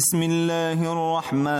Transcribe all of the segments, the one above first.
بسم الله الرحمن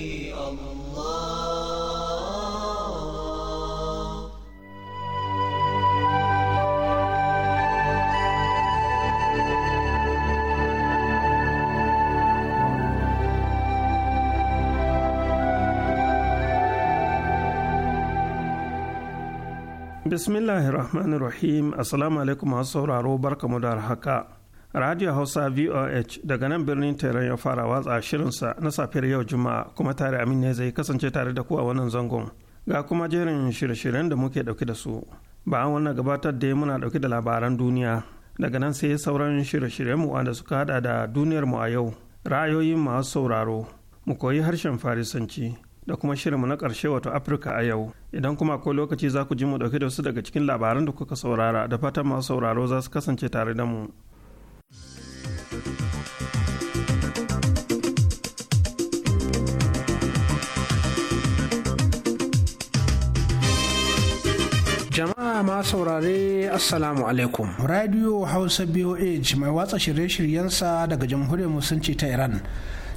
Bismillahirrahmanirrahim. Assalamu alaikum masu sauraro barkamu da haka. Radio Hausa VOH daga nan birnin tairan ya fara watsa shirinsa na safiyar yau Juma'a kuma tare amin ne zai kasance tare da ku a wannan zangon. Ga kuma jerin shirye-shiryen da muke dauke da su. Bayan wannan gabatar da muna dauke da labaran duniya. Daga nan sai sauran shirye-shiryen mu da suka hada da duniyar mu a yau. Ra'ayoyin masu sauraro. Mu koyi harshen Farisanci. da kuma shirin mu na ƙarshe wato Afirka a yau. Idan kuma akwai lokaci za ku ji mu ɗauke da wasu daga cikin labaran da kuka saurara da fatan masu sauraro za su kasance tare da mu. Jama'a ma saurare Assalamu alaikum. Radio Hausa BOH mai watsa shirye-shiryensa daga Jamhuriyar Musulunci ta Iran.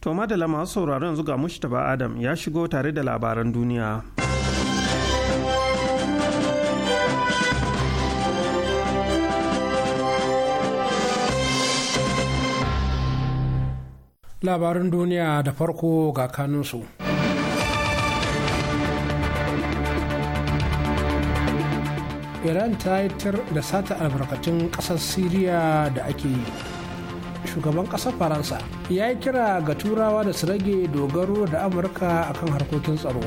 To madala masu sauraron yanzu ga Adam ya shigo tare da labaran duniya. Labarin duniya da farko ga kanunsu. Iran ta yi da sata albarkatun ƙasar Siriya da ake yi. shugaban ƙasar faransa ya yi kira ga turawa da su rage dogaro da amurka a kan harkokin tsaro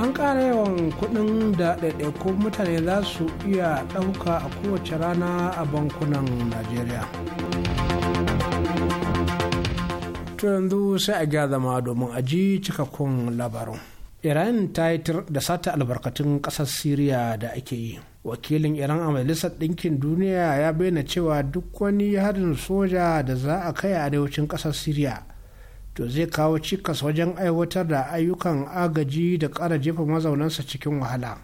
an ƙara yawan kuɗin da ɗaiɗaikun mutane za su iya ɗauka a kowace rana a bankunan najeriya to yanzu sai a gya zama domin a ji cikakkun labarin iran ta yi da sata albarkatun ƙasar syria da ake yi wakilin iran a majalisar ɗinkin duniya ya bayyana cewa duk wani harin soja da za a kai a arewacin ƙasar syria to zai kawo cikas wajen aiwatar da ayyukan agaji da ƙara jefa mazaunansa cikin wahala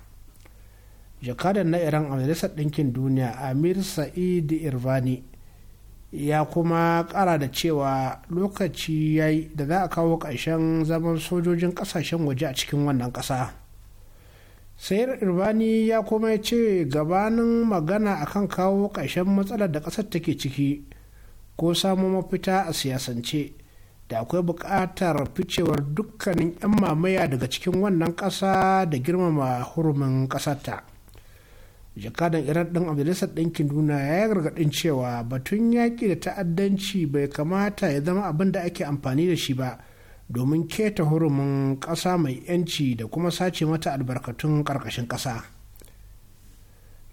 jakadan na iran a majalisar ɗinkin duniya amir sa'id irvani ya kuma ƙara da cewa lokaci ya yi da za a kawo ƙarshen zaman sojojin ƙasashen waje a cikin wannan ƙasa. sayar irbani ya kuma ce gabanin magana akan kawo ƙarshen matsalar da ƙasar take ciki ko samo mafita a siyasance da akwai buƙatar ficewar dukkanin 'yan mamaya daga cikin wannan ƙasa da girmama hurumin ƙasarta jakadan iran ɗin majalisar ɗinkin duna ya yi gargaɗin cewa batun yaƙi da ta'addanci bai kamata ya zama abin da ake amfani da shi ba domin keta hurumin ƙasa mai 'yanci da kuma sace mata albarkatun ƙarƙashin ƙasa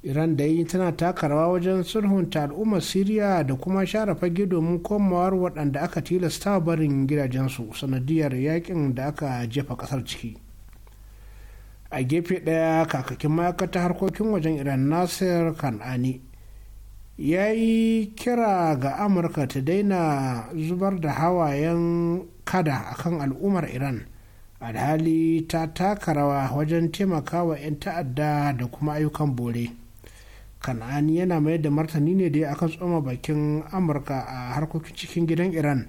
iran da yi tana taka rawa wajen sulhunta al'ummar siriya da kuma share fage domin komawar waɗanda aka tilasta barin gidajensu sanadiyar yakin da aka jefa ƙasar ciki a gefe ɗaya kakakin ma'aikatar harkokin wajen iran nasir kan'ani ya yi kira ga amurka ta daina zubar da hawayen kada akan al'ummar iran alhali ta taka rawa wajen taimakawa 'yan ta'adda da kuma ayyukan bore kan'ani yana mai da martani ne dai akan tsoma bakin amurka a harkokin cikin gidan iran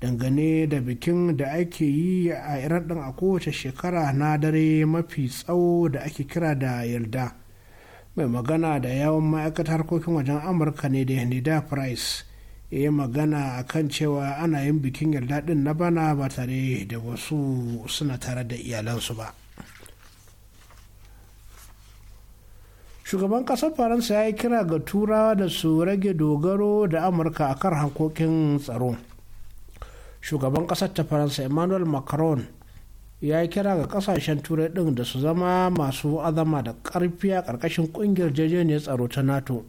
dangane da bikin da ake yi a iran din a kowace shekara na dare mafi tsawo da ake kira da yarda mai magana da yawon ma'aikatar harkokin wajen amurka ne da nida price ya yi magana a kan cewa ana yin bikin yarda din na bana ba tare da wasu suna tare da iyalansu ba shugaban kasar faransa ya yi kira ga tura da su rage dogaro da amurka a kan harkokin tsaro shugaban kasar ta faransa emmanuel macron ya yi kira ga kasashen turai ɗin da su zama masu azama da ƙarfi a ƙarƙashin ƙungiyar jejeniyar tsaro ta nato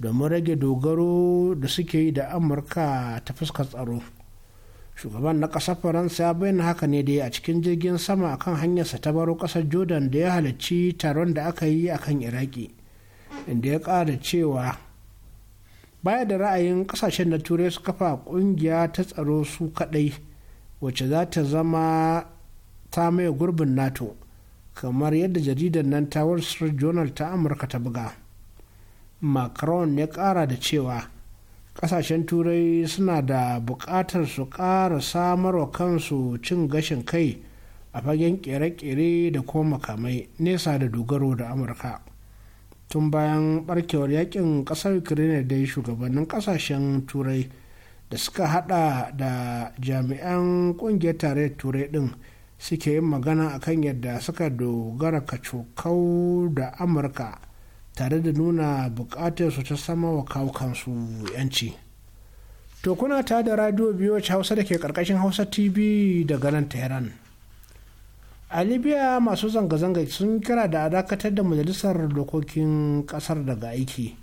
domin rage dogaro da suke yi da amurka ta fuskar tsaro shugaban na ƙasar faransa ya bayyana haka ne dai a cikin jirgin sama akan hanyarsa ta baro ƙasar jordan da ya halarci taron da aka yi akan iraki inda ya ƙara cewa baya da ra'ayin ƙasashen na turai su kafa ƙungiya ta tsaro su kaɗai wacce za ta zama ta maye gurbin nato kamar yadda jaridar nan ta wall street journal ta amurka ta buga macron ya kara da cewa kasashen turai suna da buƙatar su ƙara samarwa kansu cin gashin kai a fagen kere-kere da kuma makamai nesa da dogaro da amurka tun bayan barkewar yakin ƙasar ukraine da shugabannin kasashen turai da suka hada da jami'an ƙungiyar tarayyar turai din suke yin magana akan yadda suka dogara kacokau da amurka tare da nuna su ta sama wa kawukansu 'yanci to kuna ta da radio biyu wacce hausa da ke karkashin hausa tv daga nan tehran a libya masu zanga-zanga sun kira da dakatar da majalisar dokokin kasar daga aiki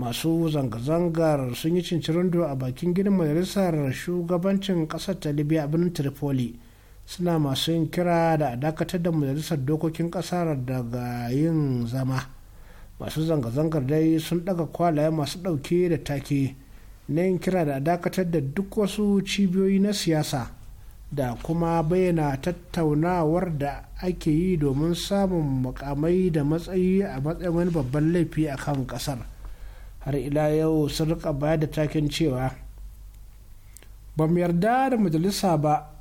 masu zanga-zangar sun yi cincirindo a bakin gidan majalisar shugabancin kasar ta libya a birnin tripoli suna masu yin kira da dakatar da majalisar dokokin kasar daga yin zama masu zanga-zangar dai sun daga kwalaye masu dauke da take na yin kira da dakatar da duk wasu cibiyoyi na siyasa da kuma bayyana tattaunawar da ake yi domin samun makamai da matsayi a matsayin wani babban laifi a kan kasar har ila yau sun rika bayar da taken cewa ba mu yarda da majalisa ba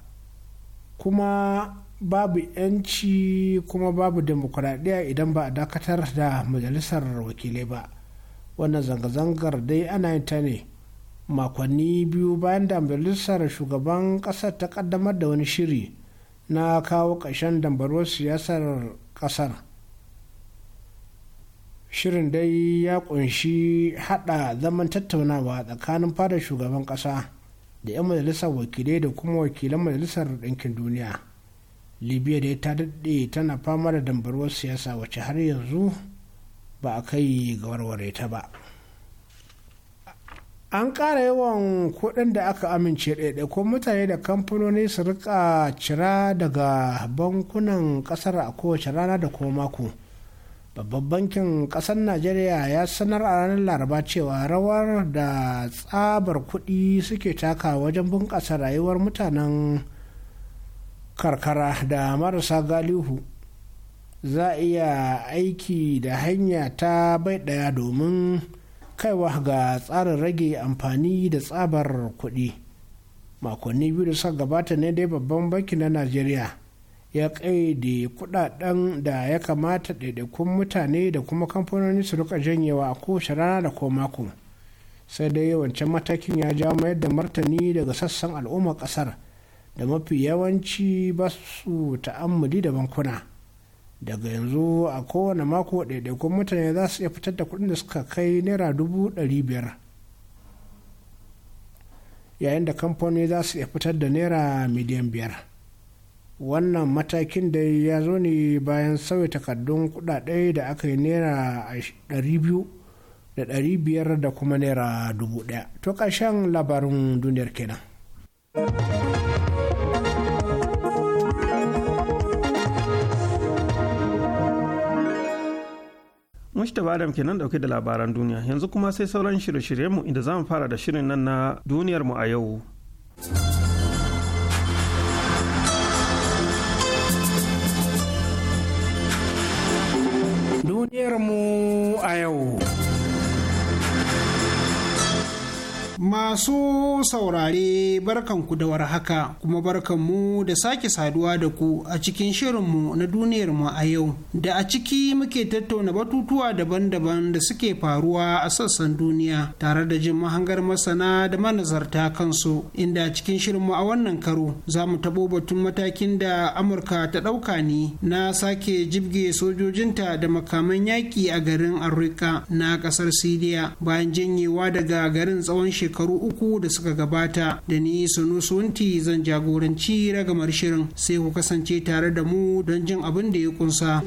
kuma babu yanci kuma babu demokuraɗiyya idan ba a dakatar da majalisar wakilai ba wannan zanga-zangar dai ana yin ta ne makonni biyu bayan da majalisar shugaban ƙasar ta ƙaddamar da wani shiri na kawo ƙarshen dambarwar siyasar ƙasar shirin dai ya ƙunshi haɗa zaman tattaunawa tsakanin fara shugaban ƙasa da 'yan majalisar wakilai da kuma wakilan majalisar ɗinkin duniya libya dai ta daɗe tana fama da dambarwar siyasa wacce har yanzu ba a kai ga warware ta ba an ƙara yawan kuɗin da aka amince ko mutane da kamfanoni su rika cira daga bankunan ƙasar a kowace rana da kuma mako. babban bankin kasar najeriya ya sanar a ranar laraba cewa rawar da tsabar kuɗi suke taka wajen bunƙasa rayuwar mutanen karkara da marasa galihu za a iya aiki da hanya ta bai ɗaya domin kaiwa ga tsarin rage amfani da tsabar kuɗi makonni biyu da suka gabata ne dai babban banki na najeriya ya ƙa'ide kudaden da ya kamata ɗaiɗaikun mutane da kuma kamfanoni su rika janyewa a kowace rana da ko mako sai dai wancan matakin ya ja mayar da martani daga sassan al'ummar ƙasar da mafi yawanci ba su ta'ammuli da bankuna daga yanzu a kowane mako ɗaiɗaikun mutane za su iya fitar da kuɗin da suka kai naira dubu ɗari biyar yayin da kamfani za su iya fitar da naira miliyan biyar wannan matakin da ya zo ne bayan sauya takardun kudade da aka yi naira 200 da da kuma naira 1000 to ƙarshen labarin duniyar kenan. Mustapha Adam nan dauke da labaran duniya yanzu kuma sai sauran shirye-shiryenmu inda za mu fara da shirin nan na duniyarmu a yau. mu a yau. Masu saurare ku da haka kuma barkanmu da sake saduwa da ku a cikin shirinmu na duniyarmu a yau da a ciki muke tattauna batutuwa daban-daban da suke faruwa a sassan duniya tare da jin mahangar masana da manazarta kansu inda a cikin shirinmu a wannan karo za mu tabo batun matakin da Amurka ta ɗauka ne na sake jibge sojojinta da makaman yaƙi a garin Arrika na ƙasar Siriya bayan janyewa daga garin tsawon shekaru shekaru uku da suka gabata da ni sunu sunti zan jagoranci ragamar shirin sai ku kasance tare da mu don jin abin da ya kunsa.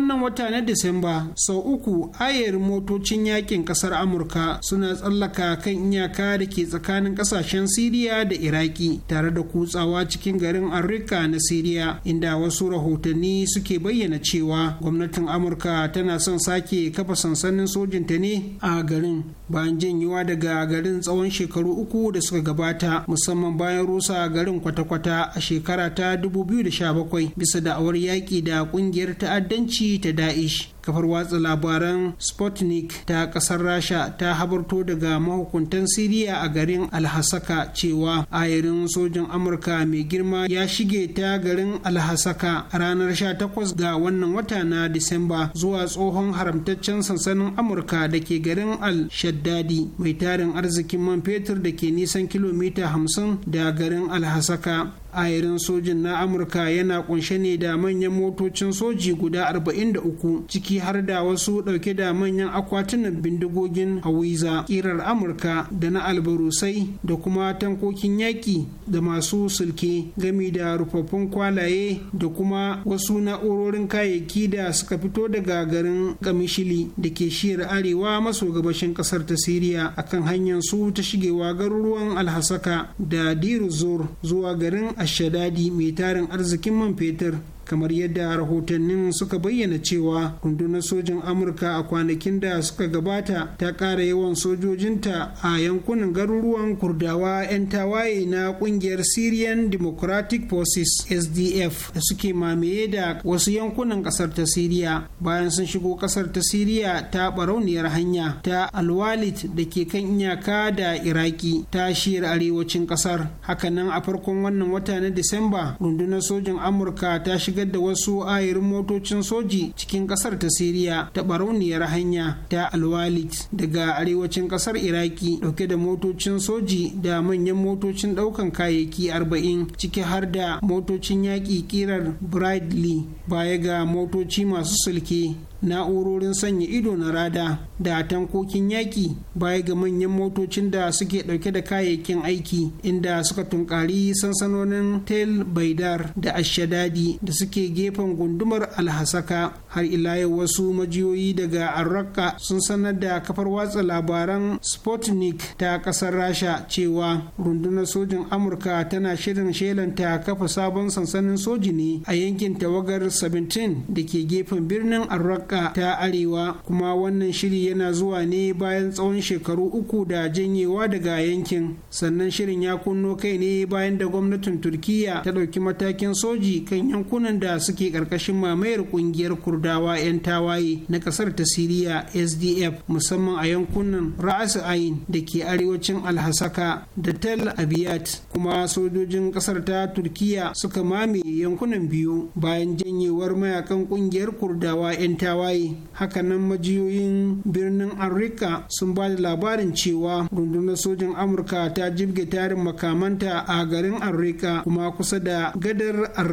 wannan wata na Disamba sau uku ayar motocin yakin kasar Amurka suna tsallaka kan iyaka da ke tsakanin kasashen Siriya da Iraki tare da kutsawa cikin garin Arrika na Siriya inda wasu rahotanni suke bayyana cewa gwamnatin Amurka tana son sake kafa sansanin sojinta ne a garin bayan janyewa daga garin tsawon shekaru uku da suka gabata musamman bayan rusa garin kwata-kwata a shekara ta 2017 bisa da'awar yaƙi da ƙungiyar ta'addanci ta da'ish kafar watsa labaran sputnik ta kasar rasha ta habarto daga mahukuntan siriya a garin alhasaka cewa ayarin sojin amurka mai girma ya shige ta garin alhasaka ranar 18 ga wannan wata na disamba zuwa tsohon haramtaccen sansanin amurka da ke garin al-shaddadi mai tarin arzikin man fetur da ke nisan kilomita 50 da garin alhasaka a irin sojin na amurka yana kunshe ne da manyan motocin soji guda 43 ciki har da wasu dauke da manyan akwatunan bindigogin hawiza kirar amurka da na albarusai da kuma tankokin yaƙi da masu sulke gami da rufaffun kwalaye da kuma wasu na'urorin kayayyaki da suka fito daga garin kamishili da ke shiyar arewa maso gabashin kasar ta siriya akan hanyar su ta shigewa garuruwan alhasaka da zuwa garin ashadadi mai tarin arzikin man fetur kamar yadda rahotannin suka bayyana cewa rundunar sojin amurka a kwanakin da suka gabata ta ƙara yawan sojojinta a yankunan garuruwan kurdawa 'yan tawaye na ƙungiyar syrian democratic forces sdf da suke mamaye da wasu yankunan ƙasar ta syria bayan sun shigo ƙasar ta syria ta barauniyar hanya ta alwalit da ke kan iyaka da iraki ta shiyar arewacin ƙasar hakanan a farkon wannan wata na disamba rundunar sojin amurka ta shiga shigar da wasu ayirin motocin soji cikin kasar ta siriya ta barauniyar hanya ta alwalit daga arewacin kasar iraki dauke da motocin soji da manyan motocin daukan kayayyaki arba'in ciki har da motocin yaƙi kirar bradley baya ga motoci masu sulke na'urorin sanya ido na rada da tankokin yaƙi baya ga manyan motocin da suke ɗauke da kayayyakin aiki inda suka tunkari sansanonin tel baidar da ashadadi da suke gefen gundumar alhasaka har ila yau wasu majiyoyi daga arraka sun sanar da kafar watsa labaran sputnik ta ƙasar rasha cewa rundunar sojin amurka tana shirin shelanta kafa sabon sansanin soji ne a yankin tawagar 17 da ke gefen birnin arraka Afirka ta Arewa kuma wannan shiri yana zuwa ne bayan tsawon shekaru uku da janyewa daga yankin sannan shirin ya kunno kai ne bayan da gwamnatin Turkiyya ta ɗauki matakin soji kan yankunan da suke ƙarƙashin mamayar ƙungiyar Kurdawa 'yan tawaye na ƙasar ta Siriya SDF musamman a yankunan Ra'as Ain da ke arewacin Alhasaka da Tel Abiyat kuma sojojin ƙasar ta Turkiyya suka mame yankunan biyu bayan janyewar mayakan ƙungiyar Kurdawa 'yan tawaye tawaye hakanan majiyoyin birnin Arrika sun ba da labarin cewa rundunar sojin Amurka ta jibge tarin makamanta a garin Arrika kuma kusa da gadar ar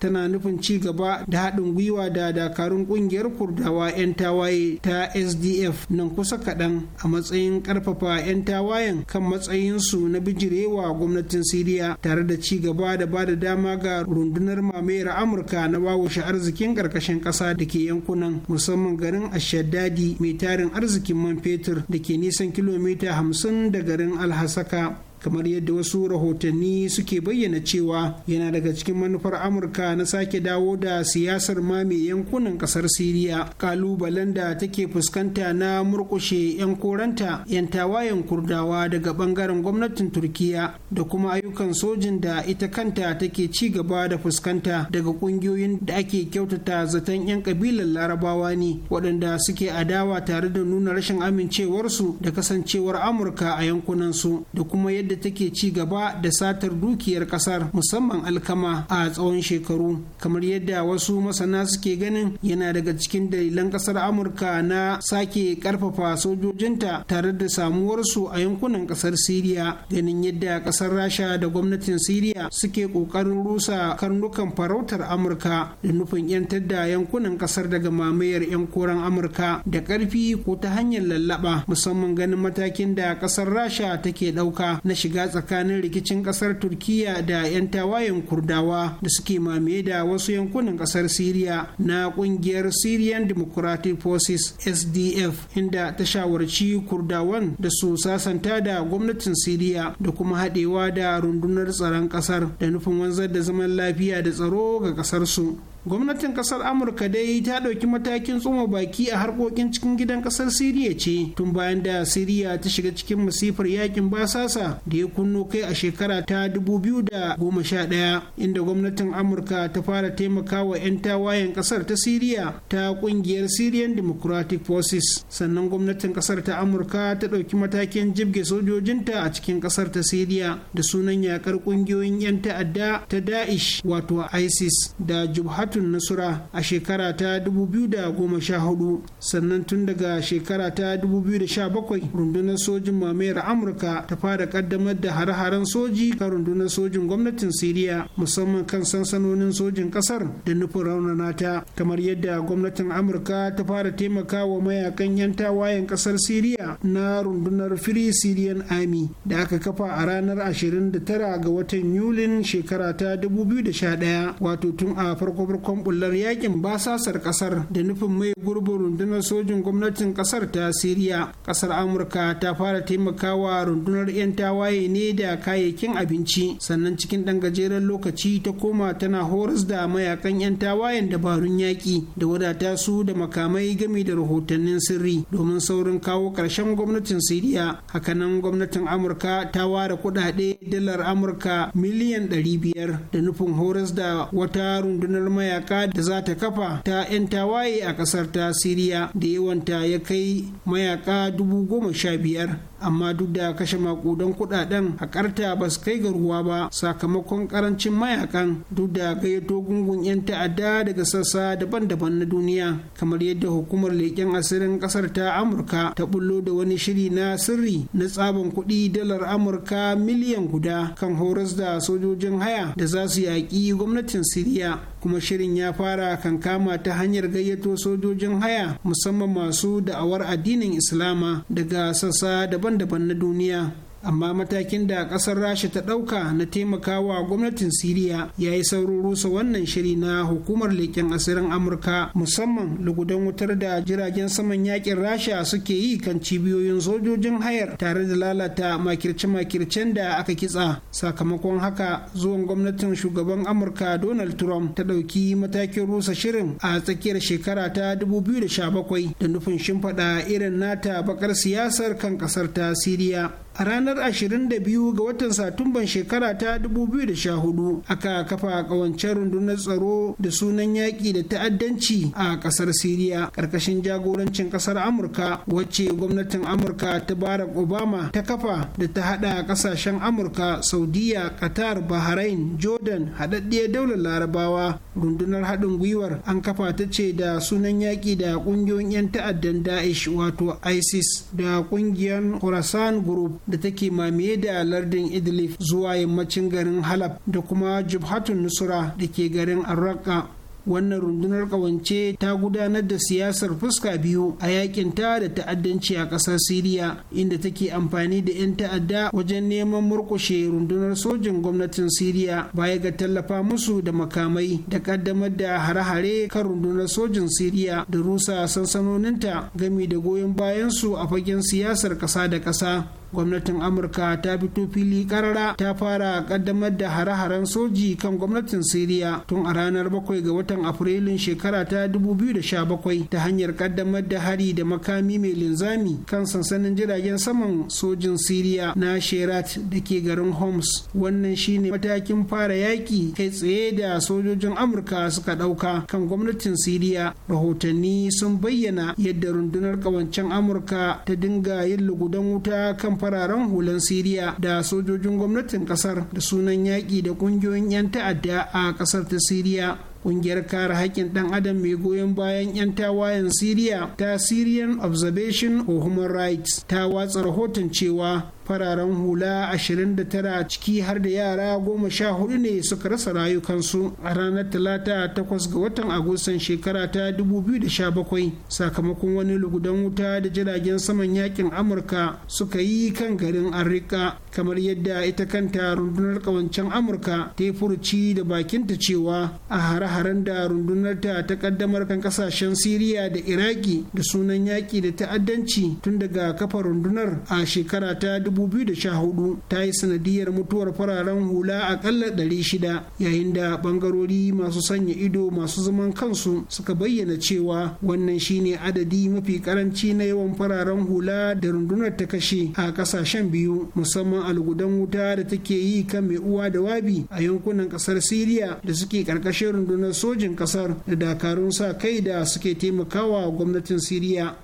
tana nufin ci gaba da haɗin gwiwa da dakarun ƙungiyar Kurdawa 'yan tawaye ta SDF nan kusa kaɗan a matsayin ƙarfafa 'yan tawayen kan matsayinsu na bijirewa gwamnatin Siriya tare da ci gaba da ba da dama ga rundunar mamayar Amurka na shi arzikin ƙarƙashin ƙasa da ke yankunan musamman garin ashadadi mai tarin arzikin man fetur da ke nisan kilomita 50 da garin alhasaka kamar yadda wasu rahotanni suke bayyana cewa yana daga cikin manufar amurka na sake dawo da siyasar mame yankunan kasar siriya kalubalen da take fuskanta na murkushe yan koranta yan tawayen kurdawa daga bangaren gwamnatin turkiya da kuma ayyukan sojin da ita kanta take ci gaba da fuskanta daga kungiyoyin da ake kyautata zaton yan kabilar larabawa ne waɗanda suke adawa tare da nuna rashin amincewarsu da kasancewar amurka a yankunan su da kuma yadda yadda take ci gaba da satar dukiyar kasar musamman alkama a tsawon shekaru kamar yadda wasu masana suke ganin yana daga cikin dalilan kasar amurka na sake karfafa sojojinta tare da samuwarsu a yankunan kasar siriya ganin yadda kasar rasha da gwamnatin siriya suke kokarin rusa karnukan farautar amurka da nufin 'yantar da yankunan kasar daga mamayar 'yan koren amurka da karfi ko ta hanyar lallaba musamman ganin matakin da kasar rasha take dauka na shiga tsakanin rikicin kasar turkiya da 'yan tawayen kurdawa da suke mamaye da wasu yankunan kasar siriya na kungiyar syrian democratic forces sdf inda ta shawarci kurdawan da su sasanta da gwamnatin siriya da kuma haɗewa da rundunar tsaron kasar da nufin wanzar da zaman lafiya da tsaro ga kasarsu gwamnatin kasar amurka dai ta ɗauki matakin tsuma baki a harkokin cikin gidan kasar siriya ce tun bayan da siriya ta shiga cikin masifar yakin basasa da ya kunno kai a shekara ta 2011 inda gwamnatin amurka ta fara taimakawa 'yan tawayen kasar ta siriya ta kungiyar syrian democratic forces sannan gwamnatin kasar ta amurka ta ɗauki matakin jibge sojojinta a cikin kasar ta siriya da sunan yakar kungiyoyin 'yan ta'adda ta da'ish wato isis da jubhat jama'atun nasura a shekara ta 2014 sannan tun daga shekara ta 2017 rundunar sojin mamayar amurka ta fara kaddamar da hare-haren soji ga rundunar sojin gwamnatin siriya musamman kan sansanonin sojin kasar da nufin raunana ta kamar yadda gwamnatin amurka ta fara taimaka wa mayakan 'yan tawayen kasar siriya na rundunar free syrian army da aka kafa a ranar 29 ga watan yulin shekara ta 2011 wato tun a farko sakamakon bullar yakin basasar kasar da nufin mai gurbin rundunar sojin gwamnatin kasar ta siriya kasar amurka ta fara taimakawa rundunar 'yan tawaye ne da kayayyakin abinci sannan cikin ɗan gajeren lokaci ta koma tana horas da mayakan 'yan tawayen dabarun yaƙi da wadata su da makamai gami da rahotannin sirri domin saurin kawo ƙarshen gwamnatin siriya hakanan gwamnatin amurka ta ware kuɗaɗe dalar amurka miliyan 500 da nufin horas da wata rundunar maya. mayaka da za ta kafa ta 'yan tawaye a kasar ta siriya da yawanta ya kai mayaka dubu goma sha biyar amma duk da kashe makudan kudaden karta ba su kai ga ruwa ba sakamakon karancin mayakan duk da gayyato gungun 'yan ta'adda daga sassa daban-daban na duniya kamar yadda hukumar leƙen asirin ƙasar ta amurka ta bullo da wani shiri na sirri na tsaban kuɗi dalar amurka miliyan guda kan horas da sojojin haya da za su yaƙi gwamnatin siriya kuma shirin ya fara kankama ta hanyar gayyato sojojin haya musamman masu da'awar addinin islama daga sassa daban daban-daban na duniya amma matakin da kasar rasha ta ɗauka na taimakawa gwamnatin siriya ya yi saurin rusa wannan shiri na hukumar leƙen asirin amurka musamman lugudan wutar da jiragen saman yakin rasha suke yi kan cibiyoyin sojojin hayar tare da lalata makirce-makircen da aka kitsa sakamakon haka zuwan gwamnatin shugaban amurka donald trump ta ɗauki matakin rusa shirin a tsakiyar shekara ta 2017 da nufin shimfiɗa irin nata bakar siyasar kan ƙasar ta siriya a ranar 22 ga watan satumban shekara ta 2014 aka kafa kawancen rundunar tsaro da sunan yaƙi da ta'addanci a ƙasar siriya ƙarƙashin jagorancin ƙasar amurka wacce gwamnatin amurka ta barack obama ta kafa da ta haɗa ƙasashen amurka saudiya qatar bahrain jordan haɗaɗɗiyar daular larabawa rundunar haɗin gwiwar an kafa ta ce da sunan yaƙi da ƙungiyoyin 'yan ta'addan da'ish wato isis da ƙungiyar khorasan group da take mamaye da lardin idlib zuwa yammacin garin halab da kuma jubhatun Nusura da ke garin arraka wannan rundunar kawance ta gudanar da siyasar fuska biyu a yakin ta da ta'addanci a ƙasar siriya inda take amfani da 'yan ta'adda wajen neman murkushe rundunar sojin gwamnatin siriya baya ga tallafa musu da makamai da kaddamar da hare-hare kan rundunar sojin siriya da rusa sansanoninta gami da goyon bayansu a fagen siyasar kasa da ƙasa gwamnatin amurka ta fito fili karara ta fara kaddamar da hare-haren soji kan gwamnatin siriya tun a ranar 7 ga watan afrilun shekara ta 2017 ta hanyar kaddamar da hari da makami mai linzami kan sansanin jiragen saman sojin siriya na sherat da ke garin homs wannan shine matakin fara yaki kai tsaye da sojojin amurka suka ɗauka kan gwamnatin siriya rahotanni sun bayyana yadda rundunar ƙawancen amurka ta dinga yin lugudan wuta kan fararen hulan siriya da sojojin gwamnatin kasar da sunan yaƙi da ƙungiyoyin 'yan ta'adda a kasar ta siriya ƙungiyar kare haƙƙin ɗan adam mai goyon bayan 'yan tawayen siriya ta syrian observation of human rights ta watsa rahoton cewa fararen hula 29 ciki har da yara goma sha hudu ne suka rasa rayukansu a ranar talata takwas ga watan agustan shekara ta 2017 sakamakon wani lugudan wuta da jiragen saman yakin amurka suka yi kan garin arrika kamar yadda ita kanta rundunar kawancen amurka ta yi furuci da bakinta cewa a hare-haren da rundunar ta ta kaddamar kan kasashen siriya da iraki da sunan yaki da ta'addanci tun daga kafa rundunar a shekara ta 2014 ta yi sanadiyar mutuwar fararen hula akalla 600 yayin da bangarori masu sanya ido masu zaman kansu suka bayyana cewa wannan shine adadi mafi karanci na yawan fararen hula da rundunar ta kashe a kasashen biyu musamman algudan wuta da take yi kan mai uwa da wabi a yankunan kasar siriya da suke karkashin rundunar sojin kasar da dakarun sa kai da suke taimakawa gwamnatin siriya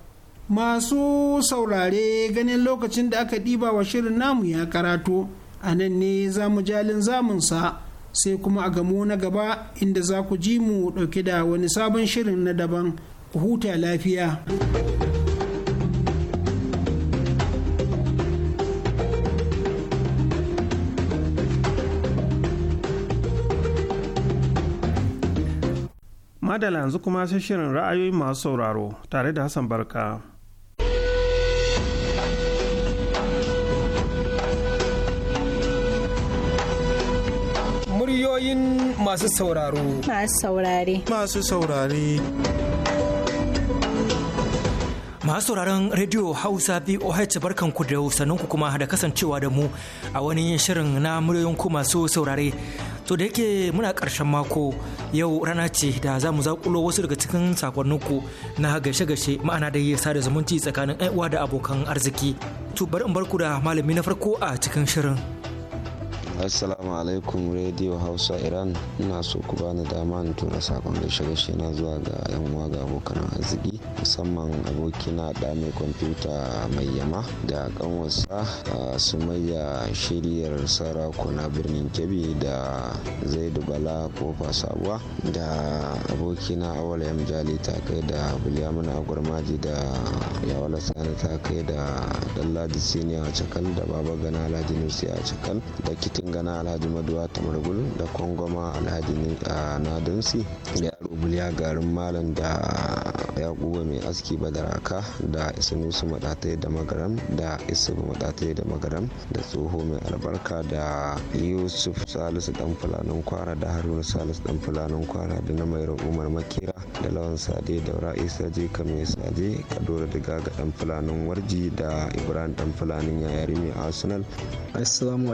masu saurare ganin lokacin da aka ɗiba wa shirin namu ya karatu a nan ne za mu jalin zamunsa sai kuma a gamo na gaba inda za ku ji mu ɗauke da wani sabon shirin na daban ku huta lafiya. Madala yanzu kuma sai shirin ra'ayoyin masu sauraro tare da Hassan Barka. ra'ayoyin masu sauraro. Masu saurare. Masu saurare. masu sauraron rediyo hausa voh barkanku da ku kuma da kasancewa da mu a wani shirin na muryoyin ku masu saurare to da yake muna karshen mako yau rana ce da za mu zaƙulo wasu daga cikin sakonninku na gashe-gashe ma'ana da yasa da zumunci tsakanin uwa da abokan arziki to bari in barku da malami na farko a cikin shirin assalamu alaikum radio hausa iran ina so ku bani dama in tura sakon gaishe gaishe na zuwa ga yan uwa ga abokan arziki musamman abokina da mai kwamfuta mai yama da kanwarsa sumayya shiryar sarakuna birnin kebi da zaidu bala kofa sabuwa da abokina awal yam jali ta kai da bulyamuna agwarmaji da yawala sani ta kai da dalladi siniya a cakal da baba gana nusi a cakal da kitin gana alhaji maduwa Tamargul, da kwangwama alhaji nadunsi da rubuliya garin malam da ya yakuba mai aski badaraka da isanusu madatai da magaram da isu maɗatai da magaram da tsoho mai albarka da yusuf salisu dan fulanin kwara da haruna salisu dan fulanin kwara da na mai umar makera da lawan sade da ra'isa ka mai sade kadora diga ga dan fulanin warji da ibrahim dan fulanin yayari mai arsenal assalamu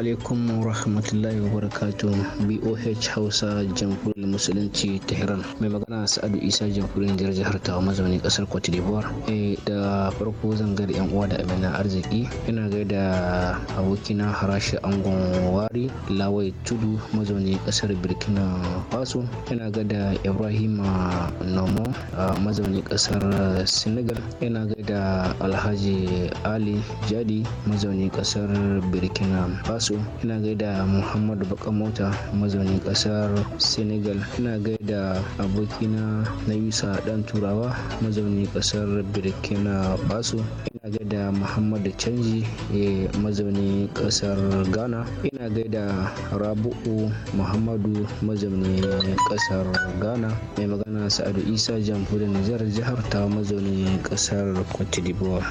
rahmatullahi wa barakatu BOH Hausa Jamhuriyar Musulunci Tehran. Mai magana Sa'adu Isa Jamhuriyar Jihar Jihar Tawa mazauni kasar Cote d'Ivoire. Eh da farko zan yan uwa da amina arziki. Ina gaida abokina Harashi Angon Wari Lawai Tudu mazauni kasar Burkina Faso. Ina gaida Ibrahima Nomo mazauni kasar Senegal. Ina gaida Alhaji Ali Jadi mazaunin kasar Burkina Faso. Ina gaida muhammadu baka mota mazaunin kasar senegal ina gaida abokina na yusa dan turawa mazaunin kasar burkina faso ina gaida muhammadu canji eh, mazaunin kasar ghana ina gaida rabu'u muhammadu mazaunin kasar ghana mai magana sa'adu isa jamhuriyar nijar jihar ta mazaunin kasar cote d'ivoire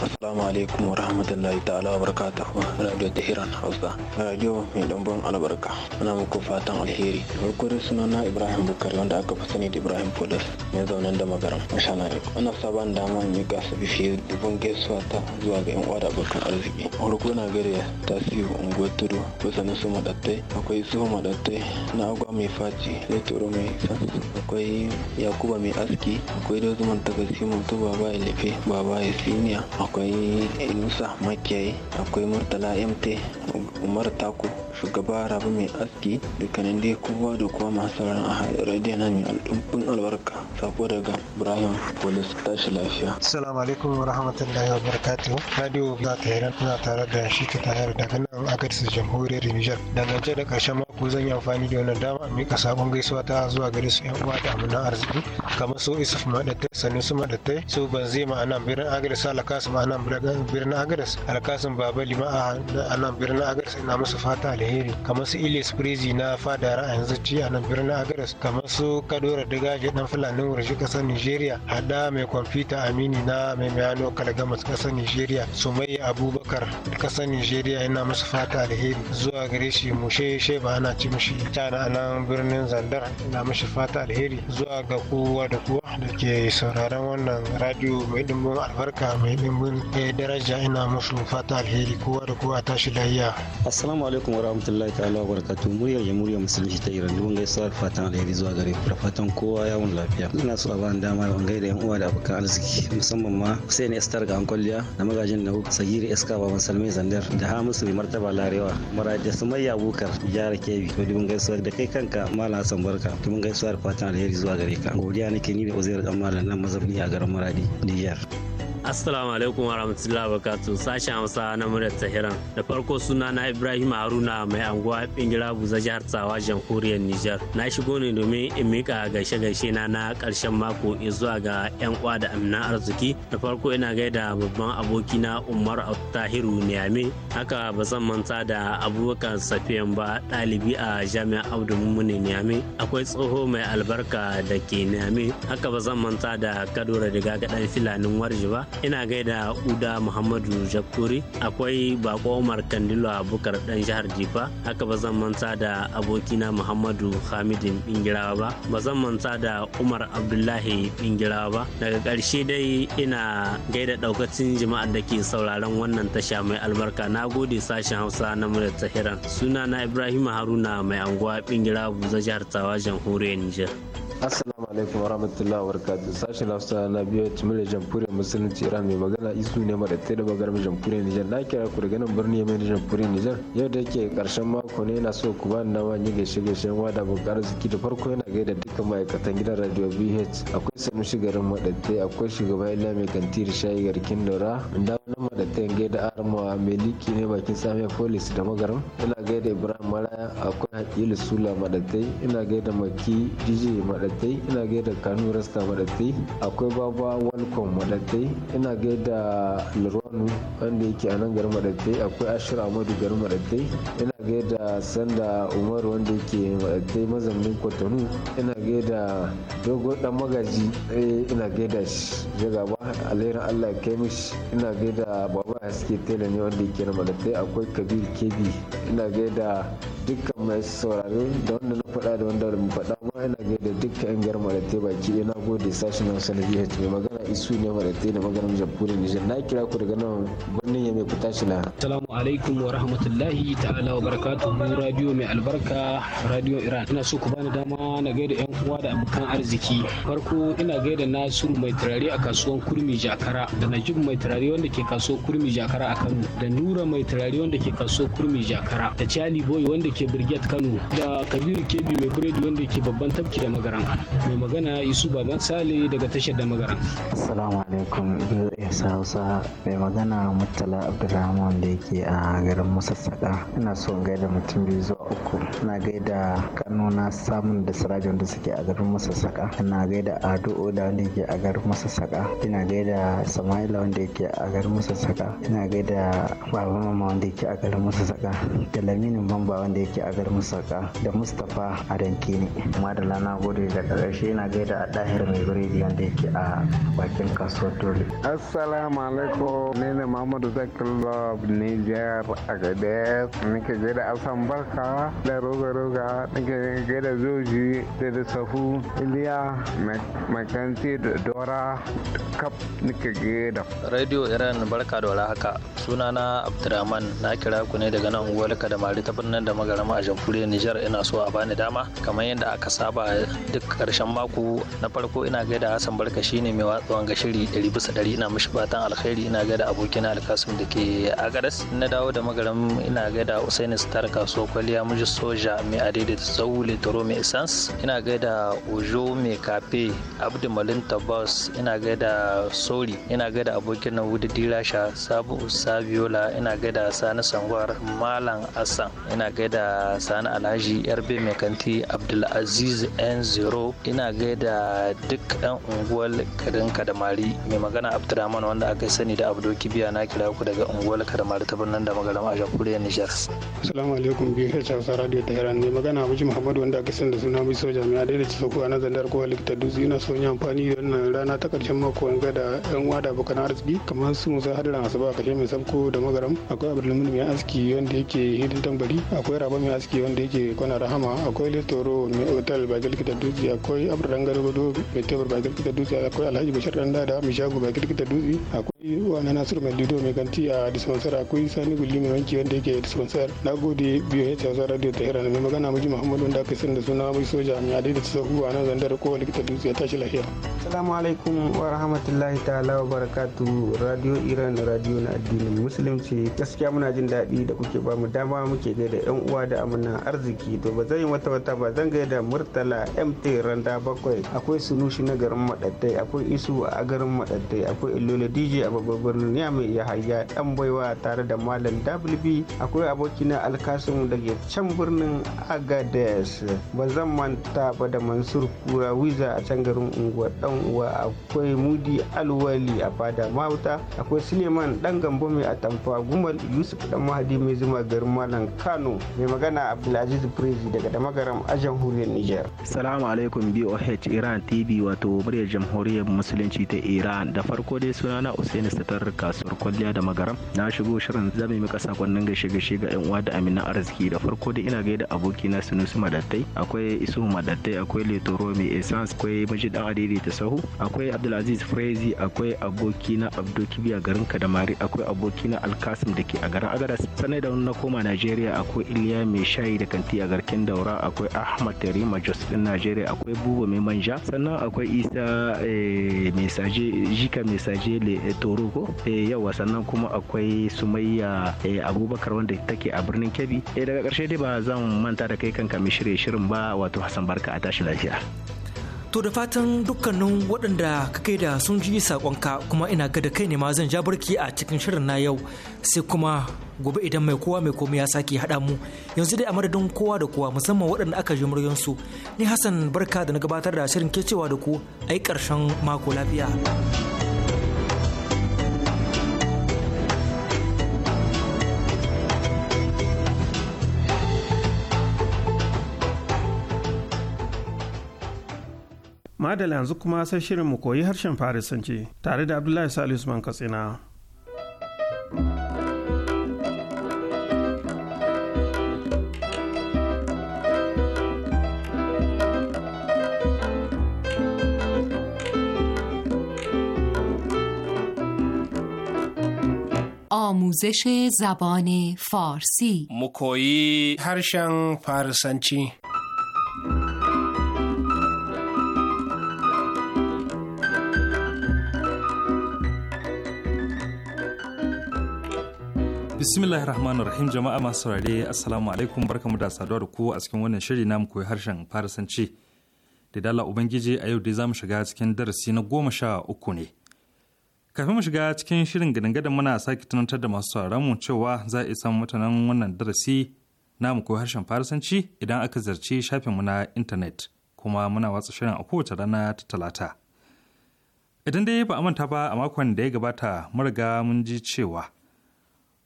Assalamu alaikum wa rahmatullahi ta'ala wa barakatuhu Radio Tehran Hausa Radio mai dambon albarka ana muku fatan alheri farko suna sunana Ibrahim Bukari wanda aka fi sani da Ibrahim Polis mai zaunen da magaram masha yau ana saba dama ne ga su bifi dubun gaisuwa ta zuwa ga yan uwa da abokan arziki farko na gare tasiri unguwar tudu kusa na su madattai akwai su madattai na agwa mai faci leturo mai sas akwai yakuba mai aski akwai da zuman tagasi mutu baba ya lefe baba ya siniya akwai ilusa makiyayi akwai murtala mt umar taku shugaba rabu mai aski dukkanin dai kowa da kowa masu sauran a radio na mai al'ubbin albarka sako daga ibrahim polis tashi lafiya assalamu alaikum wa rahmatullahi wa barakatuhu radio za ta hirar tana tare da shi ta tare da nan agarsu jamhuriyar nijar dangance da karshen mako zan yi amfani da wannan dama mai ka sabon gaisuwa ta zuwa gare su yan uwa da amina arziki kamar su isuf maɗatai sanusi maɗatai su banzema a nan birnin agadis alakasu a nan birnin agadas alkasin baba lima a nan birnin agadas ina musu fata alheri kamar su ilis prezi na fadara a yanzu ci a nan birnin agadas kamar su kadora digaje dan fulani wurshi kasar nigeria hada mai kwamfuta amini na mai mayano kalgamas kasar nigeria sumayya abubakar kasar nigeria ina musu fata alheri zuwa gare shi mushe sheba ana ci mishi tana a nan birnin zandar ina mishi fata alheri zuwa ga kowa da kowa da ke sauraron wannan radio mai dimbin albarka mai dimbin ya daraja ina musu fata alheri kowa da kowa tashi lahiya assalamu alaikum wa rahmatullahi ta'ala wa barakatuhu muryar jamhuriyar musulunci ta iran dubin gaisuwa fatan alheri zuwa gare ku da fatan kowa yawon lafiya ina so a ba dama yawan gaida yan uwa da abokan arziki musamman ma Hussein Estar ga Ankwaliya da magajin Nau Sagiri Eska Baban Salme Zandar da Hamisu bi martaba Larewa Mara da Sumayya Bukar Jihar Kebbi to dubin gaisuwa da kai kanka Malam san Barka dubin gaisuwa da fatan alheri zuwa gare ka godiya nake ni da Uzair Dan Malam nan mazabni a garin Maradi Niger Assalamu alaikum alaikum warahmatullahi wabarakatuh sashen Hausa na murar Tahiran. Da farko suna na Ibrahim Haruna mai anguwa Bingira Buza jihar Tsawa jamhuriyar Nijar. Na shigo ne domin in mika gaishe-gaishe na na karshen mako zuwa ga 'yan uwa da amina arziki. Da farko ina gaida babban abokina Umar Tahiru Niyame. Haka ba zan manta da abubakar safiyan ba ɗalibi a jami'ar Abdu Mummuni Niyame. Akwai tsoho mai albarka da ke Niyame. Haka ba zan manta da Kadura Diga Gaɗan Filanin Warji ba. Ina gaida uda muhammadu jakuri akwai bako umar kandilo abubakar dan jihar jifa haka ba zan manta da abokina muhammadu hamidin bingirawa ba ba zan manta da umar abdullahi bingirawa ba daga ƙarshe dai ina gaida ɗaukacin jama'ar da ke sauraron wannan tasha mai albarka na gode sashen hausa na murar tahiran suna na ibrahim haruna mai anguwa bingirawa buza jihar tawa jamhuriyar nijar assalamu alaikum warahmatullahi wabarakatuh sashen hausa na biyu cimiliyar jamhuriyar musulunci iran mai magana magana isu ne madattai da bagar jamhuriyar Nijar na kira ku daga nan birni mai jamhuriyar Nijar yau da yake karshen mako ne na so ku ba ni dama yi gaishe gaishen wada bukar ziki da farko da dukkan ma'aikatan gidan radio bh akwai sanusi garin madattai akwai shugaba ila mai kantir shayi garkin dora inda wannan ga gaida armawa mai liki ne bakin samiya polis da magaram ina gaida ibrahim maraya akwai hakilu sula madattai ina gaida maki dj madattai ina gaida kanu rasta madattai akwai baba walcom madattai ina gaida lurwanu wanda yake a nan garin madattai akwai ashir amadu garin madattai ina gaida sanda umaru wanda yake madattai mazaunin kwatano ina gaida dogon dan magaji eh, ina gaida shi ya gaba alheri allah kai mishi ina gaida baba suke tela ne wanda yake na malafai akwai kabir kebi ina gaida dukkan mai saurare da wanda na faɗa da wanda mu faɗa ma ina gaida dukkan yan gyar malafai baki ɗaya na gode sashen hausa na ya ce magana isu ne malatai da maganar jamhuriyar nijar na kira ku daga nan gwanin ya mai ku shi na. salamu alaikum wa rahmatullahi ta'ala wa barakatuhu radio mai albarka radio iran ina so ku bani dama na ina gaida yan uwa da abokan arziki farko ina gaida nasiru mai turare a kasuwan kurmi jakara da najib mai turare wanda ke kasuwan kurmi jakara a kano da nura mai turare wanda ke kasuwan kurmi jakara da charlie boy wanda ke birget kano da kabiru kebi mai biredi wanda ke babban tafki da magaran mai magana isu baban sale daga tashar da magaran assalamu alaikum biyu hausa mai magana murtala abdulrahman da yake a garin masassaka ina so gaida mutum biyu zuwa uku Na gaida kanuna samun da sirajin da suke a garin masassaka Na gaida ado da wanda yake a garin masassaka ina gaida sama'ila wanda yake a garin masassaka ina gaida baba mama wanda yake a garin masassaka da laminin bamba wanda yake a garin masassaka da mustapha a dankini madala na gode da karshe ina gaida a dahir mai biredi wanda yake a bakin kasuwar dole assalamu alaikum ne ne muhammadu zakir love niger a gaida nake gaida asan barka da roga-roga daga gada zoji da da safu iliya makanti da dora kap nika gada radio iran barka da haka suna na abdurrahman na kira ku ne daga nan da mari ta birnin da magarama a jamhuriyar nijar ina so a bani dama kamar yadda aka saba duk karshen mako na farko ina gaida hassan barka shine mai watsawan ga shiri ɗari bisa ɗari ina mishi fatan alkhairi ina gaida abokina alkasum da ke agaras na dawo da magaram ina gaida usaini star kasuwa kwaliya mujisto soja mai adida tsawo litoro mai sans ina gaida ojo mai kafe abdulmalin tabbas ina gaida sori ina gaida abokin na wudu dirasha sabu sabiola ina gaida sani sangwar malam assan ina gaida sani alhaji yarbe mai kanti abdulaziz n zero ina gaida duk yan unguwar garin kadamari mai magana abdulrahman wanda aka sani da abdo kibiya na kira ku daga unguwar kadamari ta birnin da magaram a jakuriyar nijar assalamu alaikum bihar Chausa radio da tehran mai magana abuji muhammad wanda aka sani da suna mai soja mai adai da ci sauko a nazar kowa likita dutse yana son yi amfani da wannan rana ta karshen mako wanga da yan uwa da abokan arziki kamar su musa hadiran asaba a kashe mai sabko da magaram akwai abdulmin mai aski wanda yake hidin tambari akwai raba mai aski wanda yake kwana rahama akwai litoro mai otal ba likita dutse akwai abdulran gado mai tebur ba likita dutse akwai alhaji bashar dan dada mai shago ba likita dutse akwai wani nasir mai lido mai kanti a dispensar akwai sani gulli mai wanki wanda yake dispensar na gode biyu ya ce tsawon radio ta iran mai magana miji muhammadu wanda aka da suna mai soja mai adai da na zandar kowa likita dutse ya tashi lafiya salamu alaikum wa rahmatullahi ta'ala wa barakatu radio iran radio na addinin musulunci gaskiya muna jin daɗi da kuke ba mu dama muke gaida yan uwa da amina arziki to ba zan yi wata wata ba zan gaida murtala mt randa bakwai akwai sunushi na garin madaddai akwai isu a garin madaddai akwai ilola dj a babban birnin yamai ya yahaya dan baiwa tare da malam wb akwai abokina alkasun daga can birnin birnin agadez ba zan manta ba da mansur kura wiza a can garin unguwa dan uwa akwai mudi alwali a fada mauta akwai suleiman dan gambo mai atamfa gumal yusuf dan mahadi mai zuma garin malam kano mai magana abdulaziz prezi daga damagaram a jamhuriyar niger salamu alaikum boh iran tv wato muryar jamhuriyar musulunci ta iran da farko dai sunana usain satar kasuwar kwalliya da magaram na shigo shirin zame maka sakonnin gaishe-gaishe ga yan uwa da amina arziki da farko dai ina da abokina Sunusu Madattai akwai Isu Madattai akwai Letoro mai Essence akwai Majid Adidi ta sahu akwai Abdulaziz Frezi akwai abokina Abdul Kibiya garin Kadamari akwai abokina Alkasim da ke a garin Agadas sannan da na koma Najeriya akwai Iliya mai shayi da kanti a garkin Daura akwai Ahmad Tarima Jos din nigeria akwai Buba mai manja sannan akwai Isa eh, mai saje Jika mai saje eh, Toro ko eh, yawa sannan kuma akwai Sumayya Abubakar wanda take a birnin Kebbi daga karshe dai ba zan manta da kai kanka mai shirye shirin ba wato Hassan Barka a tashi lafiya. To da fatan dukkanin waɗanda ka kai da sun ji saƙonka kuma ina ga da kai ne ma zan ja barki a cikin shirin na yau sai kuma gobe idan mai kowa mai komai ya sake haɗa mu yanzu dai a madadin kowa da kowa musamman waɗanda aka ji muryansu ni Hassan Barka da na gabatar da shirin ke cewa da ku ai ƙarshen mako lafiya. madala yanzu kuma sai shirin mu koyi harshen farisanci tare da abdullahi salisu man katsina آموزش زبان فارسی مکویی هرشن فارسنچی Bismillahir Rahmanir Rahim jama'a masu saurare Assalamu alaikum barkamu da saduwa da ku a cikin wannan shiri namu koyi harshen Farisanci. Da dala Ubangiji a yau dai zamu shiga cikin darasi na goma sha uku ne. Kafin mu shiga cikin shirin gadangadan muna sake tunantar da masu sauraron mu cewa za a samu mutanen wannan darasi namu koyi harshen Farisanci idan aka zarci shafin mu na intanet kuma muna watsa shirin a kowace rana ta Talata. Idan dai ba a manta ba a makon da ya gabata mun ji cewa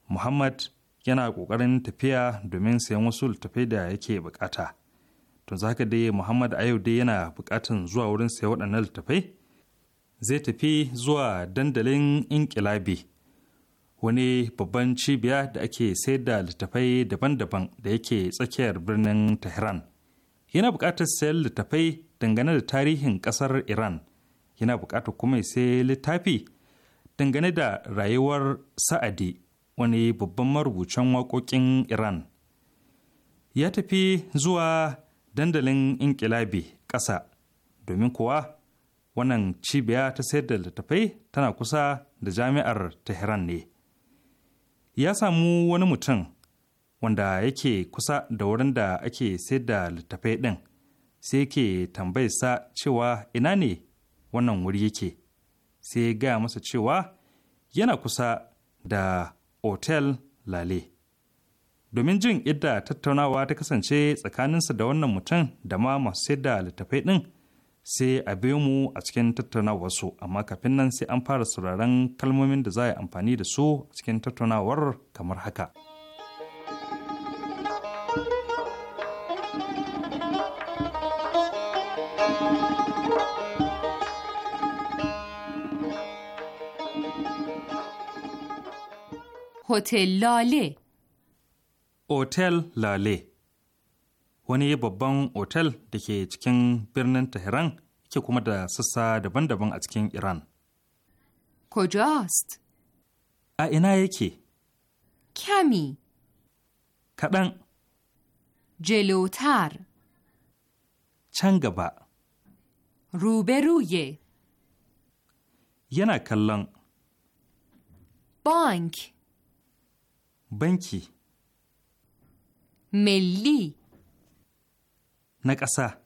muhammad yana ƙoƙarin tafiya domin sayan wasu littattafai da yake bukata to za ka dai muhammad a yau dai yana bukatan zuwa wurin sayan waɗannan littafai zai tafi zuwa dandalin inkilabi wani babban cibiya da ake sayar da littattafai daban-daban da yake tsakiyar birnin tehran yana bukatar sayan littattafai dangane da tarihin ƙasar iran yana bukatar kuma sai littafi dangane da rayuwar sa'adi wani babban marubucin waƙoƙin Iran. Ya tafi zuwa dandalin inkilabi ƙasa, domin kuwa wannan cibiya ta sayar da littattafai tana kusa da jami'ar Tehran ne. Ya samu wani mutum wanda yake kusa da wurin da ake sayar da littattafai ɗin, sai yake tambayarsa cewa ina ne wannan wuri yake, sai ya gaya masa cewa yana kusa da otel lale domin jin idda tattaunawa ta kasance tsakaninsa da wannan mutum da ma masu sayar da littafai ɗin sai a biyo mu a cikin tattaunawar su amma kafin nan sai an fara sauraron kalmomin da za a yi amfani da su a cikin tattaunawar kamar haka. Hotel لاله هتل Lale wani babban otel da ke cikin birnin Tehran ke kuma da sassa daban-daban a cikin Iran. Kojast? A ina yake? Kami. Kaɗan. Jelotar. Can gaba. Ruberuye. Yana kallon. Bank. banki milli na ƙasa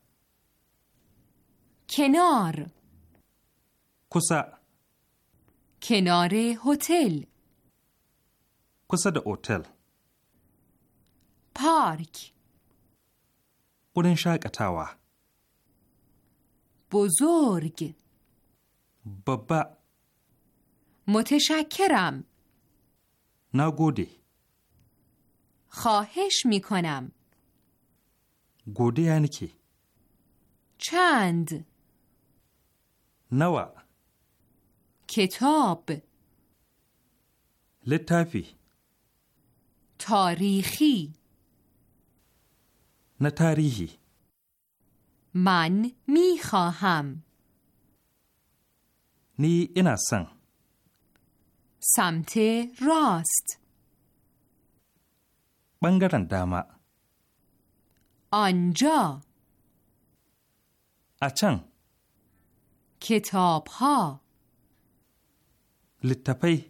kenar kusa kenare hotel kusa da otel park wurin shaƙatawa bozorg babba Na gode. خواهش میکنم کنم گوده یعنی کی؟ چند نوا کتاب لطفی تاریخی نه تاریخی من می نی این سمت راست ɓangaren dama. Anja A can. Kitab ha. Littafai.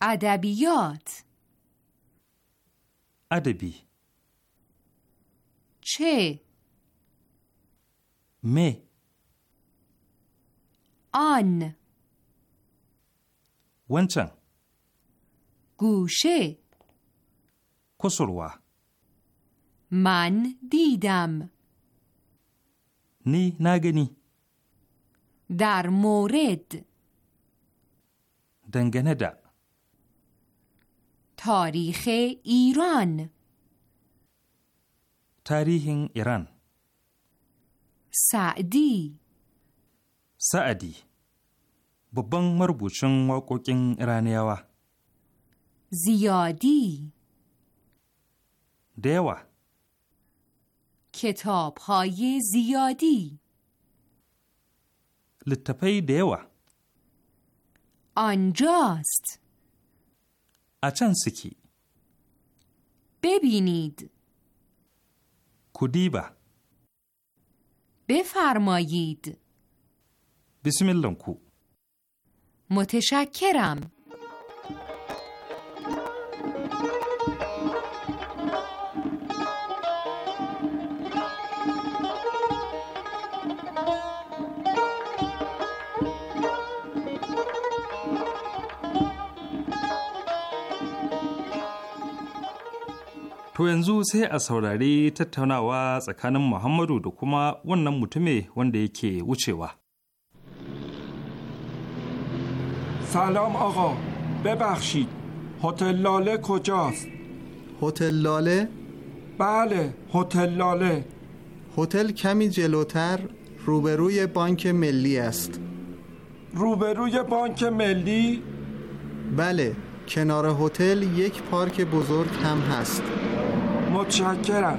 Adabiyot. Adabi. Ce. Me. An. Wancan. Gushe. kusurwa. Man didam. Ni na gani. Dar morid. Dangane da. Tarihe Iran. Tarihin Iran. Sa'adi. Sa'adi. Babban marubucin waƙoƙin Iraniyawa. Ziyadi. Ziyadi. دیوه کتاب های زیادی لطپه دیوه آنجاست اچن سکی ببینید کدیبه بفرمایید بسم الله کو متشکرم To yanzu sai a saurari tattaunawa tsakanin Muhammadu da kuma wannan mutume wanda yake wucewa. سلام آقا ببخشید هتل لاله کجاست؟ هتل لاله؟ بله هتل لاله هتل کمی جلوتر روبروی بانک ملی است روبروی بانک ملی؟ بله کنار هتل یک پارک بزرگ هم هست متشکرم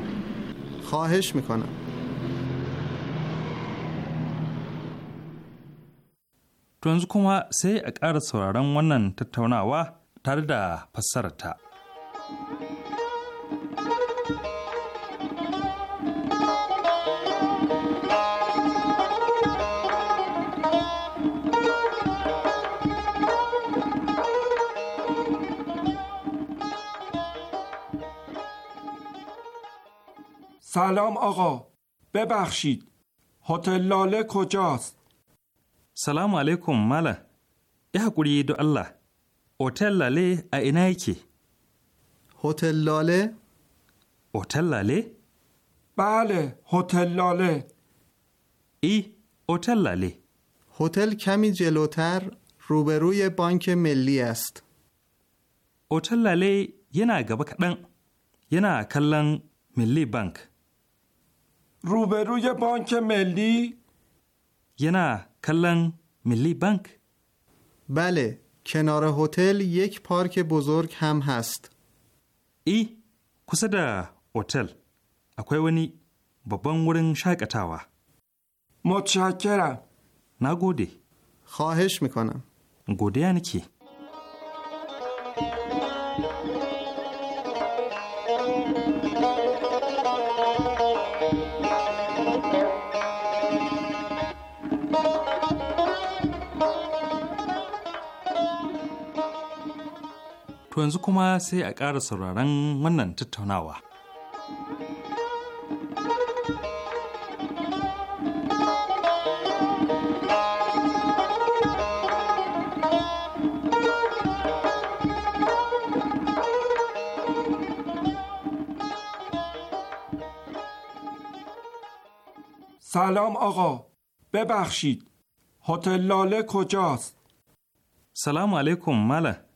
خواهش میکنم To yanzu kuma sai a ƙara sauraron wannan tattaunawa tare da fassararta. سلام آقا ببخشید هتل لاله کجاست سلام علیکم مالا ای حکوری دو الله هتل لاله اینه که هتل لاله هتل لاله بله هتل لاله ای هتل لاله هتل کمی جلوتر روبروی بانک ملی است هتل لاله یه نگه بکنن. یه کلن ملی بانک روبروی بانک ملی؟ یه نه کلن ملی بانک بله کنار هتل یک پارک بزرگ هم هست ای کسه هتل اکوی ونی بانگورن شاک اتاوا متشکرم نگودی خواهش میکنم گودی یعنی کی؟ yanzu kuma sai a ƙara sauraron wannan tattaunawa. سلام آقا ببخشید هتل لاله کجاست سلام علیکم مله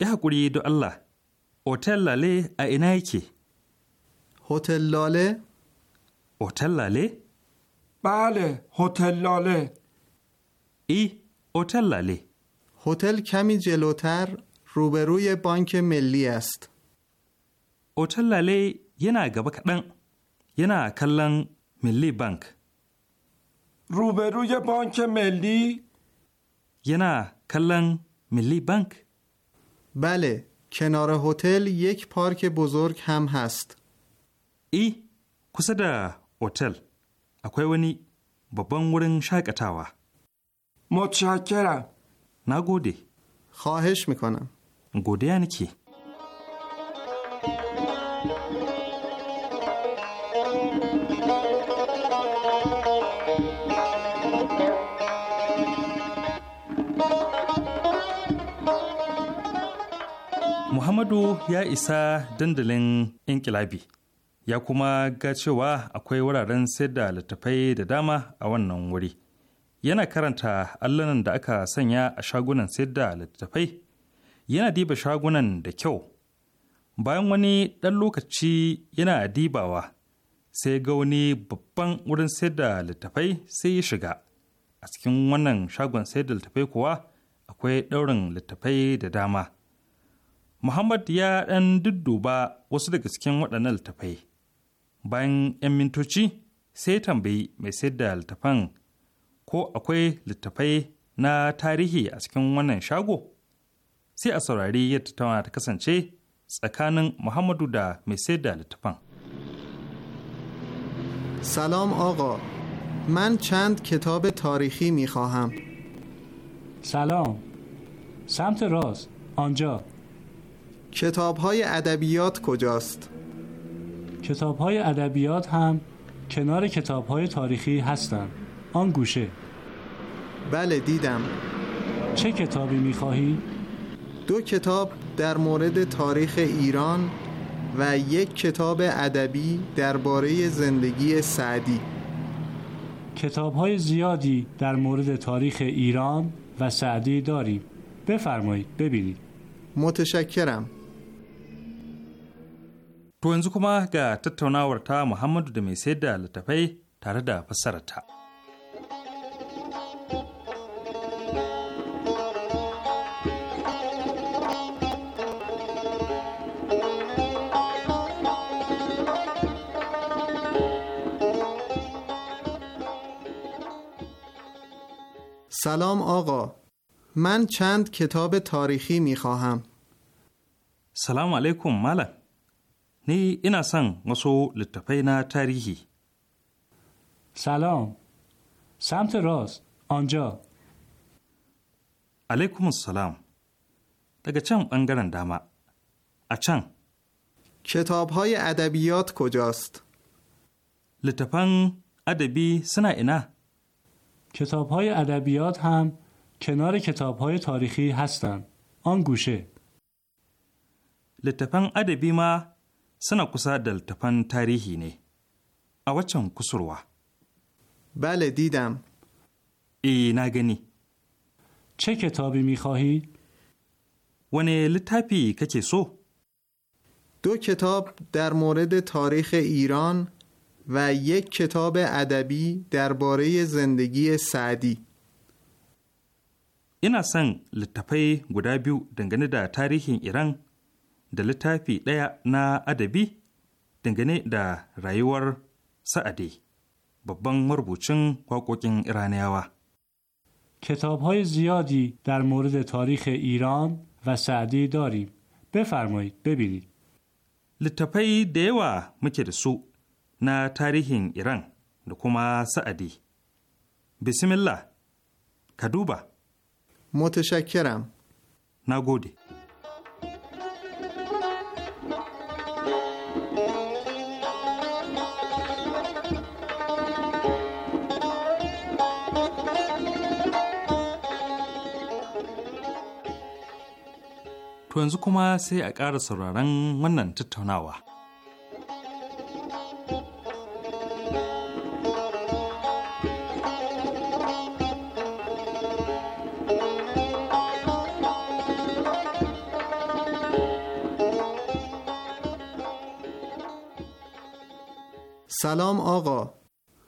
ya haƙuri don Allah, Hotel Lale a ina yake? Hotel Lale? otal Lale? Bale, Hotel Lale. I, Hotel Lale. Hotel kami jelotar روبروی بانک ملی است. اوتل لاله ینا گبه کدن. ینا کلن ملی بانک. روبروی بانک ملی ینا کلن ملی بانک. بله کنار هتل یک پارک بزرگ هم هست ای کسد هتل اکوی ونی بابان ورن شاکتاوا متشکرم نگودی خواهش میکنم گوده یعنی کی؟ Muhammadu ya isa dandalin inkilabi ya kuma ga cewa akwai wuraren sayar da littattafai da dama a wannan wuri. Yana karanta allunan da aka sanya a shagunan sayar da littattafai, yana diba shagunan da kyau. Bayan wani ɗan lokaci yana dibawa, sai ga wani babban wurin sayar da littattafai sai ya shiga. A cikin wannan shagon sayar da littattafai kuwa akwai ɗaurin littattafai da dama. Muhammad ya ɗan dudduba wasu daga cikin waɗannan littafai. Bayan 'yan mintoci sai tambayi mai sayar da littafan ko akwai littafai na tarihi a cikin wannan shago? Sai a saurari yadda ta ta kasance tsakanin Muhammadu da mai sayar da littafan. سلام آقا من چند کتاب تاریخی می خواهم سلام سمت راست آنجا کتاب های ادبیات کجاست؟ کتاب های ادبیات هم کنار کتاب های تاریخی هستند. آن گوشه. بله دیدم. چه کتابی میخواهی؟ دو کتاب در مورد تاریخ ایران و یک کتاب ادبی درباره زندگی سعدی. کتاب های زیادی در مورد تاریخ ایران و سعدی داریم. بفرمایید ببینید. متشکرم. To yanzu kuma ga tattaunawar ta Muhammadu da mai sayar da littafai tare da fassararta. سلام آقا من چند کتاب تاریخی می خواهم سلام علیکم ملک ni ina son wasu littafai na tarihi. Salam, Samt Ross, Anja. Alaikum salam, daga can ɓangaren dama, a can. Kitab های ادبیات suna ina? ادبی سنا اینا کتاب های ادبیات هم کنار کتاب های تاریخی هستند آن گوشه لطفاً ادبی ما suna kusa da littafan tarihi ne a waccan kusurwa. Bale didam. Eh na gani. Ce kitabi mi khahi? Wane littafi kake so? Do kitab dar mored tarih Iran و یک کتاب ادبی درباره زندگی سعدی اینا سن لطفه گدابیو دنگنه در تاریخ ایران da littafi ɗaya na adabi dangane da rayuwar sa'adi babban marubucin waƙoƙin iraniyawa کتابهای زیادی در مورد تاریخ ایران و سعدی داریم بفرمایید ببینید littafai da yawa muke da su na tarihin Iran da kuma sa'adi. Bismillah, ka duba. Motashakiram. Na gode. To yanzu kuma sai a ƙara sauraron wannan tattaunawa. سلام آقا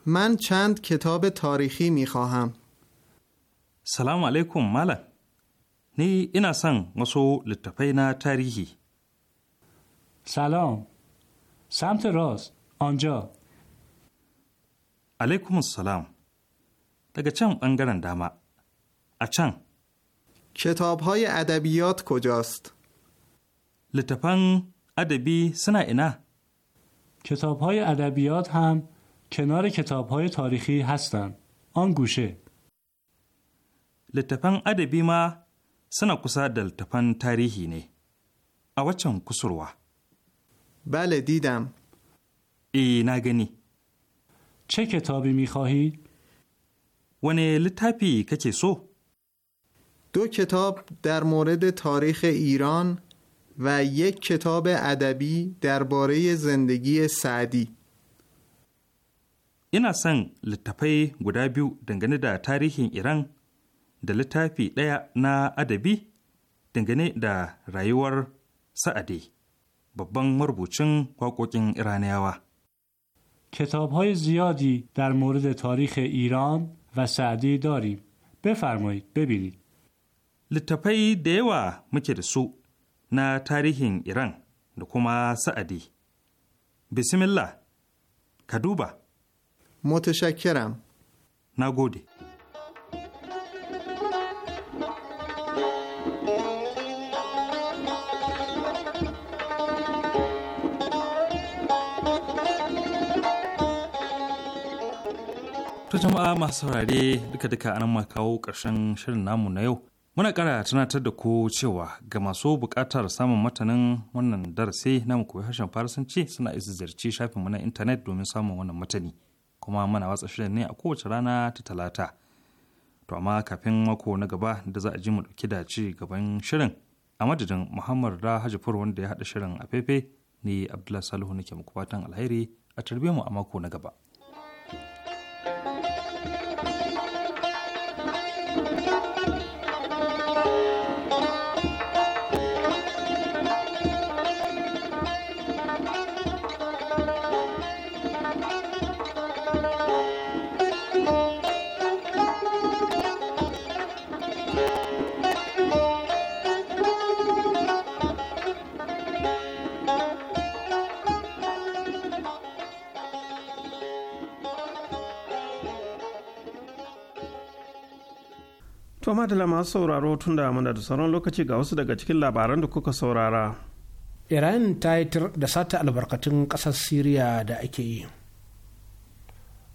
من چند کتاب تاریخی می خواهم سلام علیکم ملک ni ina son wasu littafai na tarihi. Salam, Samt Ross, Anjo. Alaikum salam, daga can ɓangaren dama, a can. Kitab های ادبیات کجاست؟ لطفاً ادبی سنا اینا کتاب های ادبیات هم کنار کتاب های تاریخی هستند آن گوشه لطفاً ادبی ما suna kusa da littafan tarihi ne a waccan kusurwa bale didam e na gani چه کتابی میخواهی؟ ونه littafi که سو؟ دو کتاب در مورد تاریخ ایران و یک کتاب ادبی درباره زندگی سعدی ina son littafai guda biyu dangane da tarihin Iran da littafi ɗaya na adabi dangane da rayuwar sa'adi babban marubucin waƙoƙin iraniyawa کتابهای زیادی در مورد تاریخ ایران و سعدی داریم بفرمایید ببینید littafai da yawa muke da su na tarihin Iran da kuma sa'adi. Bismillah, ka duba. Motashakkiram. Na gode. jama'a masu saurare duka-duka anan ma kawo ƙarshen shirin namu na yau. Muna ƙara tunatar da ku cewa ga masu buƙatar samun matanin wannan darasi na mu koyi harshen Farisanci suna isa ziyarci shafinmu na intanet domin samun wannan matani. Kuma muna watsa shirin ne a kowace rana ta talata. To amma kafin mako na gaba da za a ji mu ɗauki da ci gaban shirin a madadin Muhammad da Hajifur wanda ya haɗa shirin a fefe ni Abdullahi Salihu nake muku fatan alheri a tarbiyyar mu a mako na gaba. To madala masu sauraro tun da muna da sauran lokaci ga wasu daga cikin labaran da kuka saurara. Iran ta yi da sata albarkatun ƙasar Siriya da ake yi.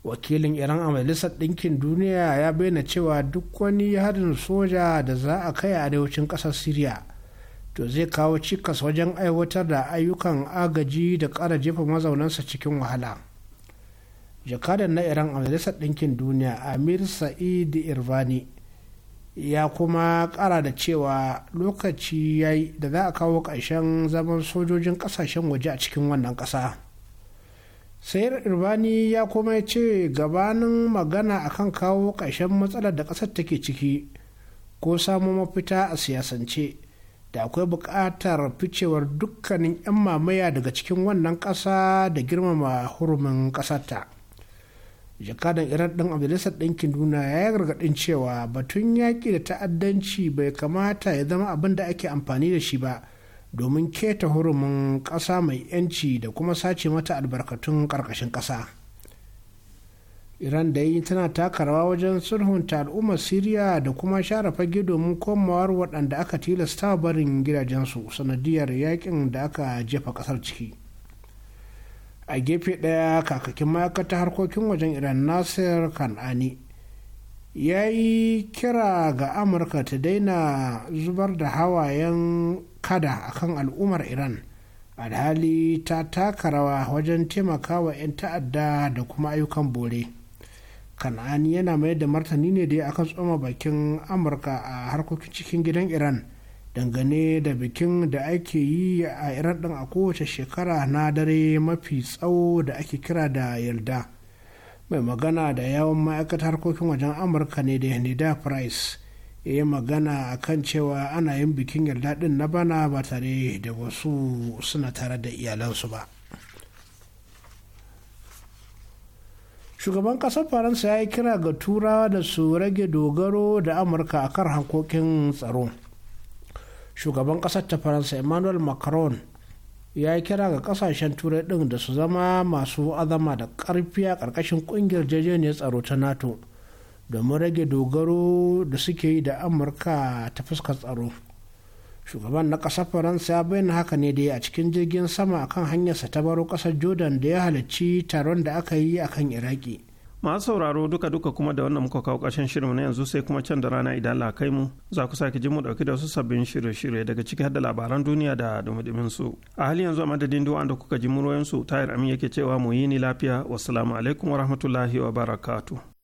Wakilin Iran a Majalisar Ɗinkin Duniya ya bayyana cewa duk wani harin soja da za a kai a arewacin ƙasar Siriya to zai kawo cikas wajen aiwatar da ayyukan agaji da ƙara jefa mazaunansa cikin wahala. Jakadan na Iran a Majalisar Ɗinkin Duniya Amir Sa'id Irvani ya kuma kara da cewa lokaci ya yi da za a kawo ƙarshen zaman sojojin ƙasashen waje a cikin wannan ƙasa sayar irbani ya kuma ya ce gabanin magana akan kawo ƙarshen matsalar da ƙasar take ciki ko samo mafita a siyasance da akwai buƙatar ficewar dukkanin 'yan mamaya daga cikin wannan ƙasa da girmama hurumin ƙasarta jakadan iran ɗin a majalisar ɗinkin duna ya gargaɗin cewa batun yaƙi da ta'addanci bai kamata ya zama abin da ake amfani da shi ba domin keta hurumin ƙasa mai 'yanci da kuma sace mata albarkatun ƙarƙashin ƙasa iran da yi tana taka rawa wajen sulhunta al'ummar siriya da kuma share fage domin komawar waɗanda aka tilasta barin gidajensu sanadiyar yakin da aka jefa ƙasar ciki a gefe ɗaya kakakin ma'aikatar harkokin wajen iran nasir kan'ani ya yi kira ga amurka ta daina zubar da hawayen kada akan al'ummar iran alhali ta taka rawa wajen taimaka wa 'yan ta'adda da kuma ayyukan bore kan'ani yana mai da martani ne dai akan tsoma bakin amurka a harkokin cikin gidan iran dangane da bikin da ake yi a iran din a kowace shekara na dare mafi tsawo da ake kira da yarda mai magana da yawon ma'aikatar harkokin wajen amurka ne da yanida price ya yi magana a kan cewa ana yin bikin yarda din na bana ba tare da wasu suna tare da iyalansu ba shugaban ƙasar faransa ya yi kira ga turawa da su rage dogaro da amurka a kan harkokin tsaro shugaban kasar ta faransa emmanuel macron ya yi kira ga kasashen turai ɗin da su zama masu azama da ƙarfi a ƙarƙashin ƙungiyar jejeniyar tsaro ta nato domin rage dogaro da suke yi da amurka ta fuskar tsaro shugaban na ƙasar faransa ya bayyana haka ne dai a cikin jirgin sama akan hanyarsa ta baro ƙasar jordan da ya halarci taron da aka yi akan iraki masu sauraro duka duka kuma da wannan muka kawo ƙarshen shirin na yanzu sai kuma can da rana idan Allah kai mu za ku sake ji mu dauki da wasu sabbin shirye-shirye daga ciki har da labaran duniya da dumudumin su a hali yanzu a madadin duwa da kuka ji muroyin su tayar amin yake cewa mu yi ni lafiya wassalamu alaikum wa rahmatullahi wa barakatu.